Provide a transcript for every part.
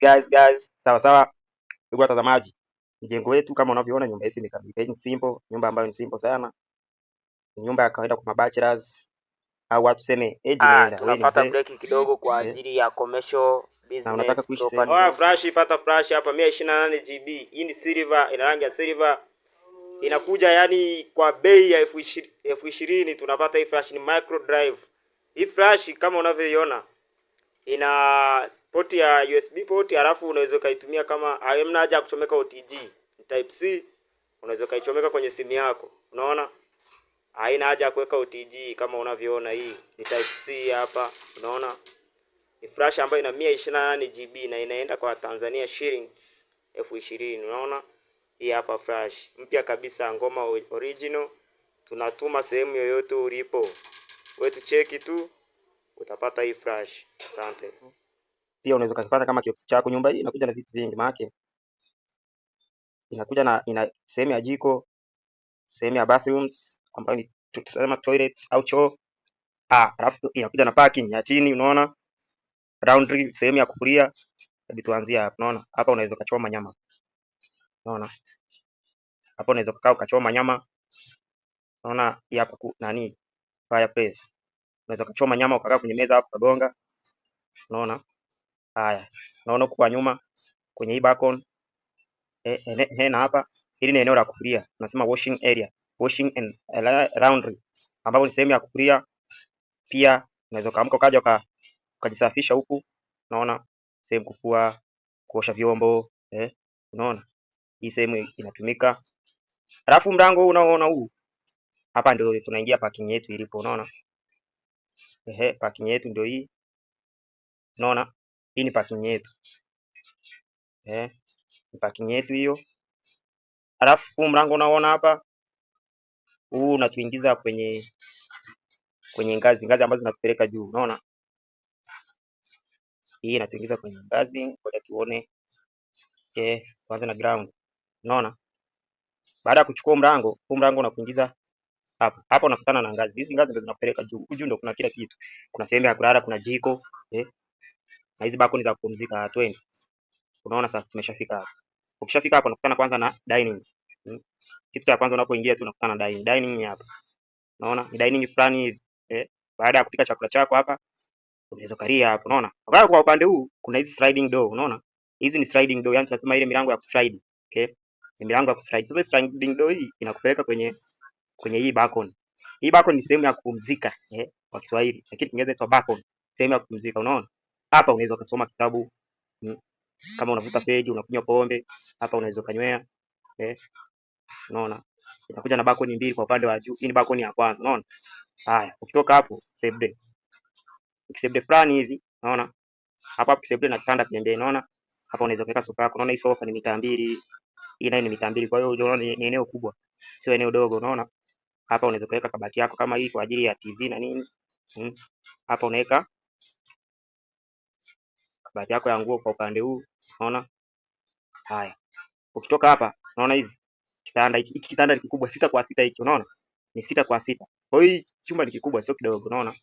guys guys, sawa sawa, ndugu watazamaji, mjengo wetu kama unavyoona, nyumba yetu imekamilika. Hii ni simple nyumba ambayo ni simple sana, ni nyumba ya kawaida kwa mabachelors au watu seme age. Ah, imeenda, tunapata break kidogo kwa eh? ajili ya commercial business. Unataka kuishi ah, flash, ipata flash hapa 128 GB. Hii ni silver, ina rangi ya silver inakuja yani kwa bei ya elfu ishirini tunapata hii flash. Ni micro drive hii flash, kama unavyoiona ina port ya USB port, halafu unaweza ukaitumia kama hamna haja ya kuchomeka OTG, type C, unaweza ukaichomeka kwenye simu yako. Unaona, haina haja ya kuweka OTG kama unavyoona, hii ni type C hapa. Unaona, ni flash ambayo ina 128 GB na inaenda kwa Tanzania shillings elfu ishirini. Unaona, hii hapa flash mpya kabisa, ngoma original, tunatuma sehemu yoyote ulipo, wewe cheki tu utapata hii flash. Asante. Pia unaweza ukakipata kama kioksi chako. Nyumba hii inakuja na vitu vingi, maana inakuja na ina sehemu ya jiko, sehemu ya bathrooms ambayo ni tunasema toilets au choo. Ah, alafu inakuja na parking ya chini, unaona laundry, sehemu ya kufulia. Hebu tuanzie hapa, unaona hapa unaweza ukachoma nyama, unaona hapo unaweza kukaa ukachoma nyama, unaona hii hapa nani fireplace, unaweza ukachoma nyama ukakaa kwenye meza hapo ukagonga, unaona. Haya, naona huku kwa nyuma kwenye hii balcony tena hapa, hili ni eneo la kufulia, tunasema washing area, washing and laundry ambapo ni sehemu ya kufulia. Pia unaweza ukaamka ukaja ukajisafisha huku, naona sehemu kufua, kuosha vyombo eh, unaona hii sehemu inatumika. Alafu mlango huu unaoona huu hapa ndio tunaingia parking yetu ilipo, unaona ehe, parking yetu ndio hii, unaona hii ni parking yetu. Eh, ni parking yetu hiyo. Alafu huu mlango unaoona hapa huu unatuingiza kwenye kwenye ngazi, ngazi ambazo zinatupeleka juu, unaona? Hii inatuingiza kwenye ngazi, ngoja tuone. Eh, kwanza na ground. Unaona? Baada ya kuchukua mlango, huu mlango unakuingiza hapa. Hapa unakutana na ngazi. Hizi ngazi ndio zinapeleka juu. Juu ndio kuna kila kitu. Kuna sehemu ya kulala, kuna jiko, eh na hizi balcony za kupumzika 20. Unaona sasa tumeshafika hapa. Ukishafika hapa unakutana kwanza na dining. Hmm? Kitu cha kwanza unapoingia tu unakutana na dining. Dining hapa. Unaona? Ni dining fulani hivi. Eh, baada ya kupika chakula chako hapa unaweza kalia hapa, unaona? Kwa kwa upande huu kuna hizi sliding door, unaona? Hizi ni sliding door, yani tunasema ile milango ya kuslide. Okay? Ni milango ya kuslide. Sasa sliding door hii inakupeleka kwenye kwenye hii balcony. Hii balcony ni sehemu ya kupumzika, eh, kwa Kiswahili. Lakini Kiingereza inaitwa balcony, sehemu ya kupumzika, unaona? Hapa unaweza ukasoma kitabu mm. Kama unavuta peji unakunywa pombe, hapa unaweza ukanywea eh. Unaona inakuja na bakoni mbili kwa upande wa juu. Hii ni bakoni ya kwanza, unaona. Haya, ukitoka hapo save day, save day fulani hivi, unaona hapa hapo save day na kitanda pembeni, unaona hapa unaweza kuweka sofa yako. Unaona hii sofa ni mita mbili, hii nayo ni mita mbili. Kwa hiyo unaona ni eneo kubwa, sio eneo dogo, unaona. Hapa unaweza kuweka kabati yako kama hii kwa ajili ya TV na nini mm, hapa, unaweka bati yako ya nguo kwa upande huu, unaona haya. Ukitoka hapa, unaona hizi kitanda hiki, kitanda ni kikubwa sita kwa sita hiki, unaona ni sita kwa sita. Kwa hiyo chumba ni kikubwa, sio kidogo, unaona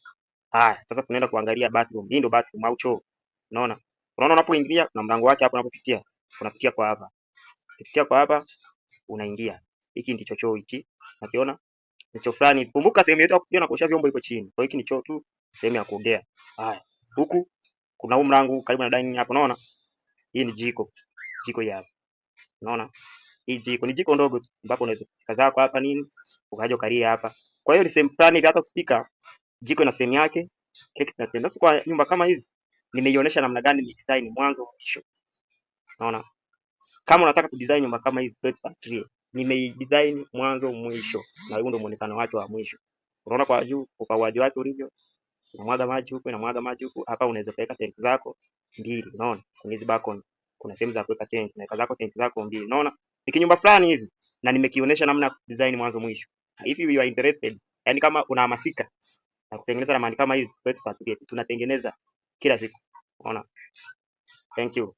haya. Sasa tunaenda kuangalia bathroom. Hii ndio bathroom au choo, unaona unaona, unapoingia kuna mlango wake hapo, unapopitia unapitia kwa hapa, ukipitia kwa hapa unaingia. Hiki ndicho choo hiki, unakiona ni choo fulani. Kumbuka sehemu yote ya kupikia na kuosha vyombo iko chini, kwa hiyo hiki ni choo tu, sehemu ya kuogea. Haya, huku kuna huu mlango karibu na dining hapo, unaona hii ni jiko, jiko hii hapa, unaona hii jiko ni jiko ndogo ambapo unaweza kazaa kwa hapa nini ukaja ukalia hapa. Kwa hiyo ni sehemu fulani hata kupika jiko na sehemu yake, keki na sehemu. Sasa kwa nyumba kama hizi nimeionyesha namna gani ni design mwanzo mwisho, unaona. Kama unataka ku design nyumba kama hizi kwetu factory, design mwanzo mwisho, na huo ndio muonekano wake wa mwisho. Unaona kwa juu ukauaji wake ulivyo unamwaga maji huku, unamwaga maji huku. Hapa unaweza kuweka tenki zako mbili, unaona? Kwenye hizi balcony kuna sehemu za kuweka tenki naweka zako tenki zako mbili, unaona? Ni kinyumba fulani hivi na nimekionyesha namna ya design mwanzo mwisho. If you are interested, yani kama unahamasika na kutengeneza ramani kama hizi, kwetu tunatengeneza kila siku. Unaona? Thank you.